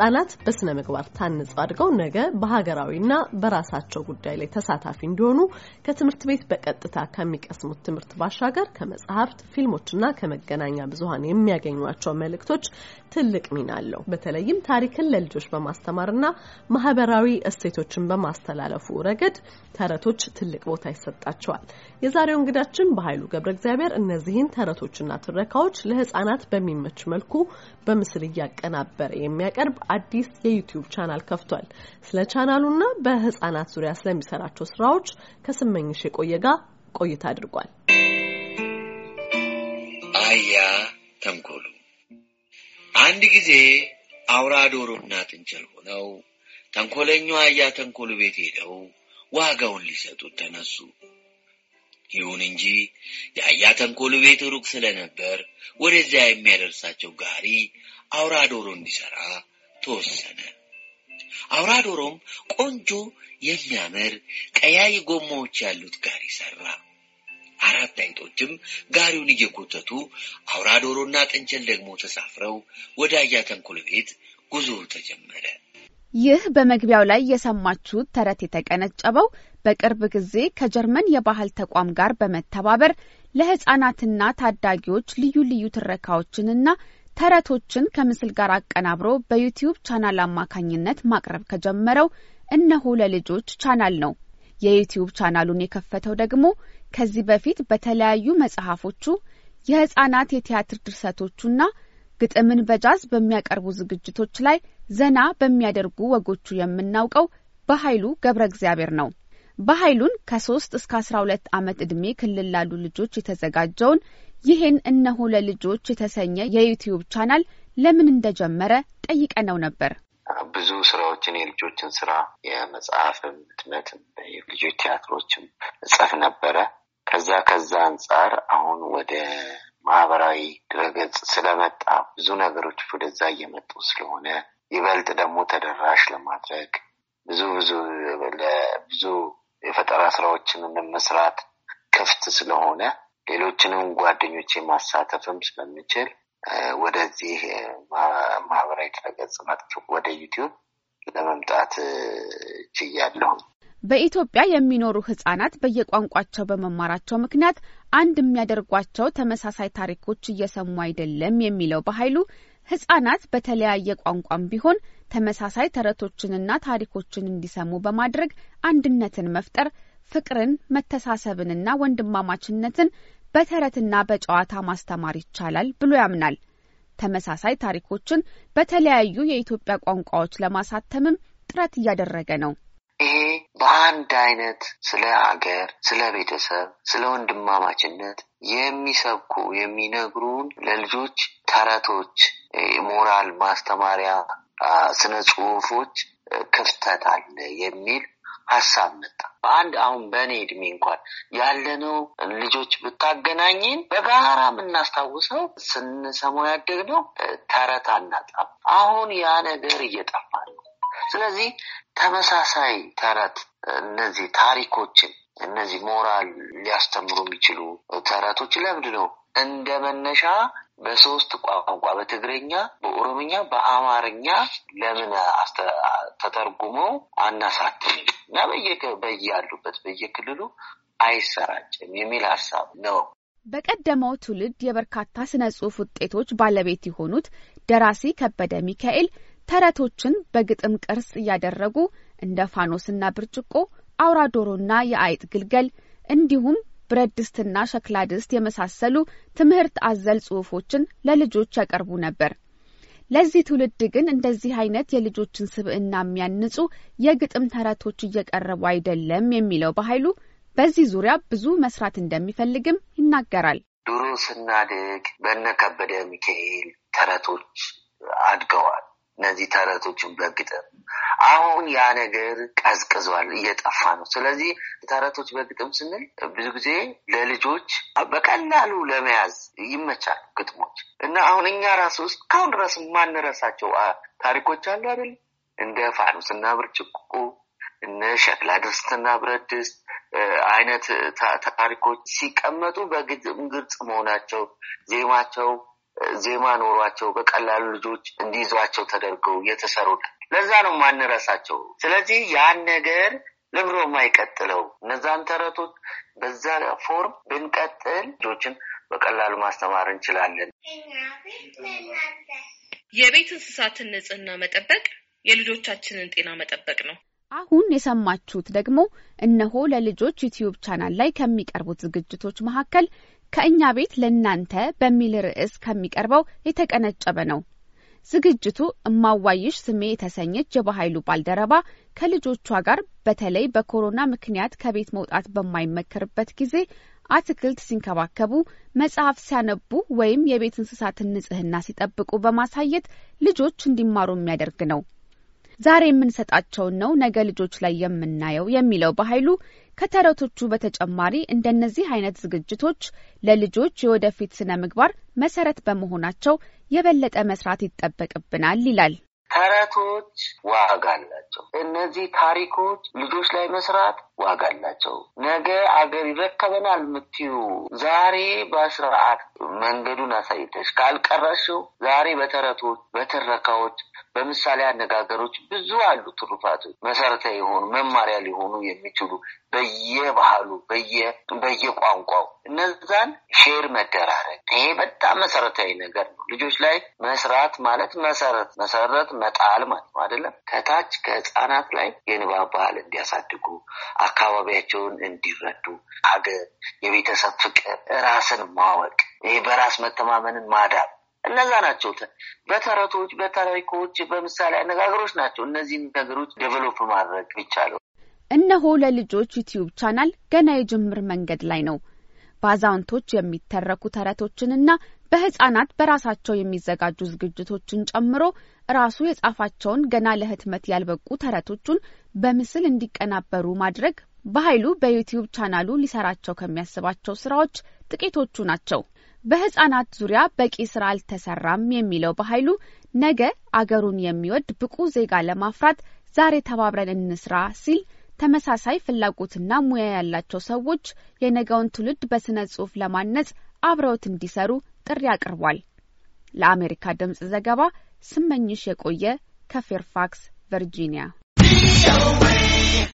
ህጻናት በስነ ምግባር ታንጸው አድገው ነገ በሀገራዊና በራሳቸው ጉዳይ ላይ ተሳታፊ እንዲሆኑ ከትምህርት ቤት በቀጥታ ከሚቀስሙት ትምህርት ባሻገር ከመጽሐፍት፣ ፊልሞችና ከመገናኛ ብዙሃን የሚያገኟቸው መልእክቶች ትልቅ ሚና አለው። በተለይም ታሪክን ለልጆች በማስተማርና ማህበራዊ እሴቶችን በማስተላለፉ ረገድ ተረቶች ትልቅ ቦታ ይሰጣቸዋል። የዛሬው እንግዳችን በኃይሉ ገብረ እግዚአብሔር እነዚህን ተረቶችና ትረካዎች ለህጻናት በሚመች መልኩ በምስል እያቀናበረ የሚያቀርብ አዲስ የዩቲዩብ ቻናል ከፍቷል። ስለ ቻናሉና በህጻናት ዙሪያ ስለሚሰራቸው ስራዎች ከስመኝሽ የቆየ ጋር ቆይታ አድርጓል። አያ ተንኮሉ አንድ ጊዜ አውራ ዶሮና ጥንቸል ሆነው ተንኮለኛው አያ ተንኮሉ ቤት ሄደው ዋጋውን ሊሰጡት ተነሱ። ይሁን እንጂ የአያ ተንኮሉ ቤት ሩቅ ስለነበር ወደዚያ የሚያደርሳቸው ጋሪ አውራ ዶሮ እንዲሰራ ተወሰነ። አውራ ዶሮም ቆንጆ የሚያምር ቀያይ ጎማዎች ያሉት ጋሪ ሰራ። አራት አይጦችም ጋሪውን እየጎተቱ አውራ ዶሮና ጥንቸል ደግሞ ተሳፍረው ወደ አያ ተንኮል ቤት ጉዞ ተጀመረ። ይህ በመግቢያው ላይ የሰማችሁት ተረት የተቀነጨበው በቅርብ ጊዜ ከጀርመን የባህል ተቋም ጋር በመተባበር ለሕፃናትና ታዳጊዎች ልዩ ልዩ ትረካዎችንና ተረቶችን ከምስል ጋር አቀናብሮ በዩቲዩብ ቻናል አማካኝነት ማቅረብ ከጀመረው እነሆ ለልጆች ቻናል ነው። የዩቲዩብ ቻናሉን የከፈተው ደግሞ ከዚህ በፊት በተለያዩ መጽሐፎቹ የህጻናት የቲያትር ድርሰቶቹና ግጥምን በጃዝ በሚያቀርቡ ዝግጅቶች ላይ ዘና በሚያደርጉ ወጎቹ የምናውቀው በኃይሉ ገብረ እግዚአብሔር ነው። በኃይሉን ከሶስት እስከ አስራ ሁለት ዓመት ዕድሜ ክልል ላሉ ልጆች የተዘጋጀውን ይህን እነሆ ለልጆች የተሰኘ የዩትዩብ ቻናል ለምን እንደጀመረ ጠይቀነው ነበር። ብዙ ስራዎችን የልጆችን ስራ የመጽሐፍም፣ ህትመትም፣ የልጆች ቲያትሮችም እጽፍ ነበረ። ከዛ ከዛ አንጻር አሁን ወደ ማህበራዊ ድረገጽ ስለመጣ ብዙ ነገሮች ወደዛ እየመጡ ስለሆነ ይበልጥ ደግሞ ተደራሽ ለማድረግ ብዙ ብዙ ብዙ የፈጠራ ስራዎችን መስራት ክፍት ስለሆነ ሌሎችንም ጓደኞች የማሳተፍም ስለምችል ወደዚህ ማህበራዊ ድረገጽ መጥቶ ወደ ዩቲዩብ ለመምጣት ችያለሁ። በኢትዮጵያ የሚኖሩ ህጻናት በየቋንቋቸው በመማራቸው ምክንያት አንድ የሚያደርጓቸው ተመሳሳይ ታሪኮች እየሰሙ አይደለም የሚለው በኃይሉ ህጻናት በተለያየ ቋንቋም ቢሆን ተመሳሳይ ተረቶችንና ታሪኮችን እንዲሰሙ በማድረግ አንድነትን መፍጠር ፍቅርን፣ መተሳሰብንና ወንድማማችነትን በተረትና በጨዋታ ማስተማር ይቻላል ብሎ ያምናል። ተመሳሳይ ታሪኮችን በተለያዩ የኢትዮጵያ ቋንቋዎች ለማሳተምም ጥረት እያደረገ ነው። ይሄ በአንድ አይነት ስለ ሀገር፣ ስለ ቤተሰብ፣ ስለ ወንድማማችነት የሚሰብኩ የሚነግሩን ለልጆች ተረቶች፣ ሞራል ማስተማሪያ ስነ ጽሁፎች ክፍተት አለ የሚል ሀሳብ መጣ። በአንድ አሁን በእኔ እድሜ እንኳን ያለነው ልጆች ብታገናኝን በጋራ የምናስታውሰው ስንሰማው ያደግነው ተረት አናጣም። አሁን ያ ነገር እየጠፋ ነው። ስለዚህ ተመሳሳይ ተረት እነዚህ ታሪኮችን እነዚህ ሞራል ሊያስተምሩ የሚችሉ ተረቶች ለምንድን ነው እንደ መነሻ በሶስት ቋንቋ በትግርኛ፣ በኦሮምኛ፣ በአማርኛ ለምን ተተርጉመው አናሳትም እና በያሉበት በየክልሉ አይሰራጭም የሚል ሀሳብ ነው። በቀደመው ትውልድ የበርካታ ስነ ጽሁፍ ውጤቶች ባለቤት የሆኑት ደራሲ ከበደ ሚካኤል ተረቶችን በግጥም ቅርጽ እያደረጉ እንደ ፋኖስና ብርጭቆ፣ አውራ ዶሮና የአይጥ ግልገል እንዲሁም ብረት ድስትና ሸክላ ድስት የመሳሰሉ ትምህርት አዘል ጽሁፎችን ለልጆች ያቀርቡ ነበር። ለዚህ ትውልድ ግን እንደዚህ አይነት የልጆችን ስብዕና የሚያንጹ የግጥም ተረቶች እየቀረቡ አይደለም የሚለው በኃይሉ በዚህ ዙሪያ ብዙ መስራት እንደሚፈልግም ይናገራል። ድሮ ስናድግ በነ ከበደ ሚካኤል ተረቶች አድገዋል። እነዚህ ተረቶችን በግጥም አሁን ያ ነገር ቀዝቅዟል፣ እየጠፋ ነው። ስለዚህ ተረቶች በግጥም ስንል ብዙ ጊዜ ለልጆች በቀላሉ ለመያዝ ይመቻል ግጥሞች እና አሁን እኛ ራሱ ውስጥ ድረስ ማንረሳቸው ታሪኮች አሉ አይደል? እንደ ፋኖስና ብርጭቆ፣ እነ ሸክላ ድስትና ብረት ድስት አይነት ታሪኮች ሲቀመጡ በግጥም ግልጽ መሆናቸው ዜማቸው ዜማ ኖሯቸው በቀላሉ ልጆች እንዲይዟቸው ተደርገው የተሰሩ ለዛ ነው ማንረሳቸው። ስለዚህ ያን ነገር ለምሮ የማይቀጥለው እነዛን ተረቶች በዛ ፎርም ብንቀጥል ልጆችን በቀላሉ ማስተማር እንችላለን። የቤት እንስሳትን ንጽህና መጠበቅ የልጆቻችንን ጤና መጠበቅ ነው። አሁን የሰማችሁት ደግሞ እነሆ ለልጆች ዩትዩብ ቻናል ላይ ከሚቀርቡት ዝግጅቶች መካከል ከእኛ ቤት ለእናንተ በሚል ርዕስ ከሚቀርበው የተቀነጨበ ነው። ዝግጅቱ እማዋይሽ ስሜ የተሰኘች የባህይሉ ባልደረባ ከልጆቿ ጋር በተለይ በኮሮና ምክንያት ከቤት መውጣት በማይመከርበት ጊዜ አትክልት ሲንከባከቡ፣ መጽሐፍ ሲያነቡ ወይም የቤት እንስሳትን ንጽህና ሲጠብቁ በማሳየት ልጆች እንዲማሩ የሚያደርግ ነው። ዛሬ የምንሰጣቸውን ነው ነገ ልጆች ላይ የምናየው የሚለው በኃይሉ ከተረቶቹ በተጨማሪ እንደነዚህ አይነት ዝግጅቶች ለልጆች የወደፊት ስነ ምግባር መሰረት በመሆናቸው የበለጠ መስራት ይጠበቅብናል ይላል። ተረቶች ዋጋ አላቸው። እነዚህ ታሪኮች ልጆች ላይ መስራት ዋጋ አላቸው። ነገ አገር ይረከበናል የምትዩ ዛሬ በስርዓት መንገዱን አሳይተሽ ካልቀረሽው ዛሬ በተረቶች በትረካዎች በምሳሌ አነጋገሮች ብዙ አሉ ትሩፋቶች፣ መሰረታዊ የሆኑ መማሪያ ሊሆኑ የሚችሉ በየባህሉ በየቋንቋው እነዛን ሼር መደራረግ፣ ይሄ በጣም መሰረታዊ ነገር ነው። ልጆች ላይ መስራት ማለት መሰረት መሰረት መጣል ማለት ነው አይደለም። ከታች ከህፃናት ላይ የንባብ ባህል እንዲያሳድጉ፣ አካባቢያቸውን እንዲረዱ፣ ሀገር፣ የቤተሰብ ፍቅር፣ ራስን ማወቅ፣ ይሄ በራስ መተማመንን ማዳብ እነዛ ናቸው። በተረቶች፣ በታሪኮች፣ በምሳሌ አነጋገሮች ናቸው እነዚህን ነገሮች ዴቨሎፕ ማድረግ ይቻለው። እነሆ ለልጆች ዩትዩብ ቻናል ገና የጅምር መንገድ ላይ ነው። በአዛውንቶች የሚተረኩ ተረቶችንና በህጻናት በራሳቸው የሚዘጋጁ ዝግጅቶችን ጨምሮ ራሱ የጻፋቸውን ገና ለህትመት ያልበቁ ተረቶቹን በምስል እንዲቀናበሩ ማድረግ በኃይሉ በዩትዩብ ቻናሉ ሊሰራቸው ከሚያስባቸው ስራዎች ጥቂቶቹ ናቸው። በህጻናት ዙሪያ በቂ ስራ አልተሰራም የሚለው በኃይሉ ነገ አገሩን የሚወድ ብቁ ዜጋ ለማፍራት ዛሬ ተባብረን እንስራ ሲል ተመሳሳይ ፍላጎትና ሙያ ያላቸው ሰዎች የነገውን ትውልድ በስነ ጽሁፍ ለማነጽ አብረውት እንዲሰሩ ጥሪ አቅርቧል። ለአሜሪካ ድምጽ ዘገባ ስመኝሽ የቆየ ከፌርፋክስ ቨርጂኒያ